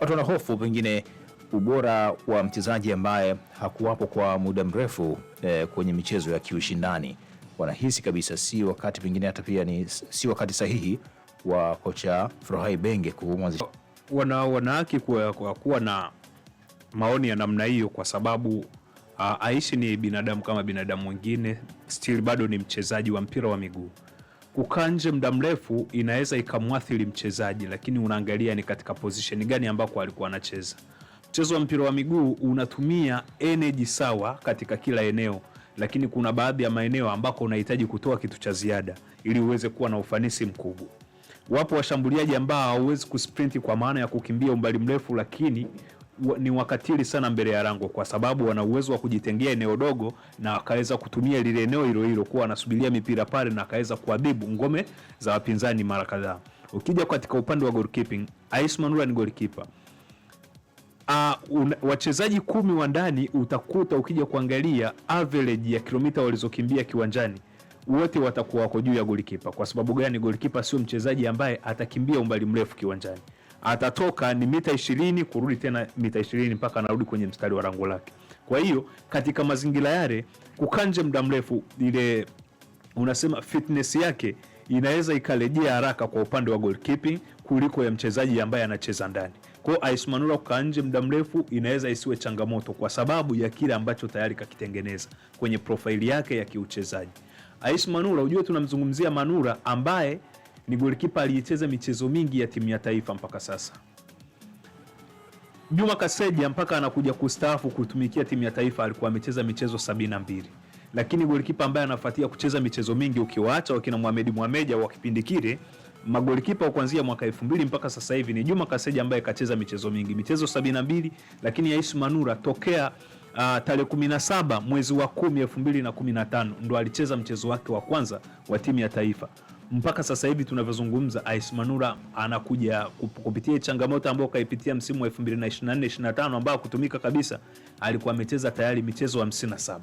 watu wanahofu pengine ubora wa mchezaji ambaye hakuwapo kwa muda mrefu eh, kwenye michezo ya kiushindani. Wanahisi kabisa si wakati, pengine hata pia ni si wakati sahihi wa kocha Frohai Benge kumwanzisha. Wana wanahaki kuwa, kuwa, kuwa na maoni ya namna hiyo kwa sababu uh, Aishi ni binadamu kama binadamu mwingine, still bado ni mchezaji wa mpira wa miguu nje muda mrefu inaweza ikamwathiri mchezaji, lakini unaangalia ni katika position gani ambako alikuwa anacheza. Mchezo wa mpira wa miguu unatumia energy sawa katika kila eneo, lakini kuna baadhi ya maeneo ambako unahitaji kutoa kitu cha ziada ili uweze kuwa na ufanisi mkubwa. Wapo washambuliaji ambao hauwezi kusprinti kwa maana ya kukimbia umbali mrefu, lakini ni wakatili sana mbele ya lango, kwa sababu wana uwezo wa kujitengea eneo dogo na akaweza kutumia lile eneo hilo hilo kuwa anasubiria mipira pale na akaweza kuadhibu ngome za wapinzani mara kadhaa. Ukija katika upande wa goalkeeping, Aisman Ula ni goalkeeper. Uh, wachezaji kumi wa ndani utakuta, ukija kuangalia average ya kilomita walizokimbia kiwanjani wote watakuwa wako juu ya goalkeeper. Kwa sababu gani? Goalkeeper sio mchezaji ambaye atakimbia umbali mrefu kiwanjani atatoka ni mita ishirini kurudi tena mita ishirini mpaka anarudi kwenye mstari wa lango lake. Kwa hiyo katika mazingira yale kukanje muda mrefu, ile unasema fitness yake inaweza ikarejea haraka kwa upande wa goalkeeping kuliko ya mchezaji ambaye anacheza ndani. Kwa hiyo Ais Manula kukaa nje muda mrefu inaweza isiwe changamoto kwa sababu ya kile ambacho tayari kakitengeneza kwenye profaili yake ya kiuchezaji. Ais Manula, ujue tunamzungumzia Manula ambaye ni golikipa aliyecheza michezo mingi ya timu ya taifa mpaka sasa. Juma Kaseja mpaka anakuja kustaafu kutumikia timu ya taifa alikuwa amecheza michezo sabini na mbili, lakini golikipa ambaye anafuatia kucheza michezo mingi ukiwaacha wakina Mohamed Mohamed wa kipindi kile magolikipa kuanzia mwaka 2000 mpaka sasa hivi ni Juma Kaseja ambaye kacheza michezo mingi, michezo 72, lakini Yaisu Manura tokea uh, tarehe 17 mwezi wa 10 2015 ndo alicheza mchezo wake wa kwanza wa timu ya taifa mpaka sasa hivi tunavyozungumza, Ais Manula anakuja kupitia changamoto ambayo kaipitia msimu wa 2024 25 ambao kutumika kabisa, alikuwa amecheza tayari michezo 57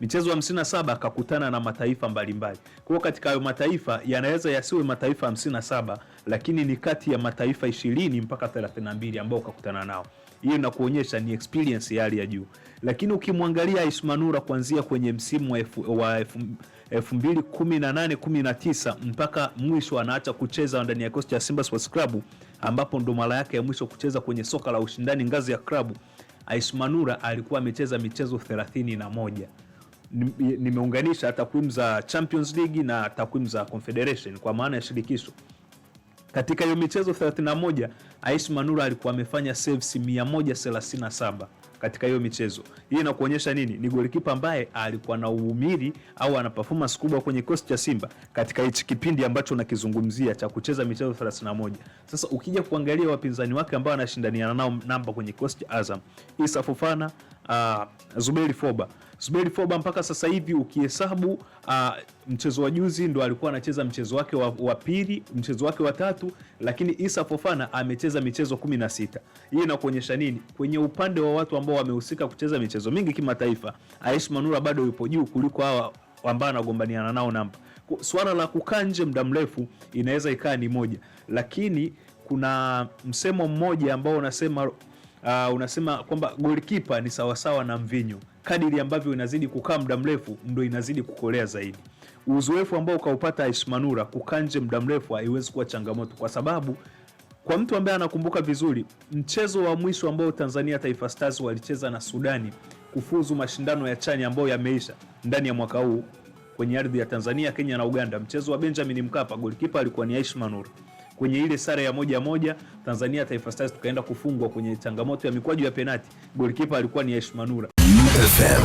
michezo 57 akakutana na mataifa mbalimbali. Kwa hiyo katika hayo mataifa yanaweza yasiwe mataifa 57, lakini ni kati ya mataifa 20 mpaka 32 ambao ukakutana nao. Hiyo inakuonyesha ni experience ya hali ya juu, lakini ukimwangalia Ais Manula kuanzia kwenye msimu wa 2018 19 mpaka mwisho anaacha kucheza ndani ya kikosi cha Simba Sports Club ambapo ndo mara yake ya mwisho kucheza kwenye soka la ushindani ngazi ya klabu. Aismanura alikuwa amecheza michezo 31. Nimeunganisha takwimu za Champions League na takwimu za Confederation kwa maana ya shirikisho. Katika hiyo michezo 31, Aismanura alikuwa amefanya saves 137 katika hiyo michezo. Hii inakuonyesha nini? Ni golikipa ambaye alikuwa na uhimili au ana performance kubwa kwenye kikosi cha Simba katika hichi kipindi ambacho unakizungumzia cha kucheza michezo 31. Sasa ukija kuangalia wapinzani wake ambao anashindaniana nao namba kwenye kikosi cha Azam, Issa Fofana, uh, Zuberi Foba Zuberi Foba mpaka sasa hivi ukihesabu, uh, mchezo wa juzi ndo alikuwa anacheza mchezo wake wa, wa pili, mchezo wake wa tatu, lakini Issa Fofana amecheza michezo 16. Hii inakuonyesha nini? Kwenye upande wa watu ambao wamehusika kucheza michezo mingi kimataifa, Aish Manula bado yupo juu kuliko hawa ambao anagombaniana nao namba. Swala la kukaa nje muda mrefu inaweza ikaa ni moja, lakini kuna msemo mmoja ambao unasema uh, unasema kwamba goalkeeper ni sawasawa na mvinyo, kadiri ambavyo inazidi kukaa muda mrefu ndio inazidi kukolea zaidi. Uzoefu ambao ukaupata Ismanura kukaa nje muda mrefu haiwezi kuwa changamoto, kwa sababu kwa mtu ambaye anakumbuka vizuri mchezo wa mwisho ambao Tanzania Taifa Stars walicheza na Sudani kufuzu mashindano ya chani ambayo yameisha ndani ya mwaka huu kwenye ardhi ya Tanzania, Kenya na Uganda, mchezo wa Benjamin Mkapa, golikipa alikuwa ni Aismanura kwenye ile sare ya moja moja Tanzania Taifa Stars tukaenda kufungwa kwenye changamoto ya mikwaju ya penati, golikipa alikuwa ni Aisha FM.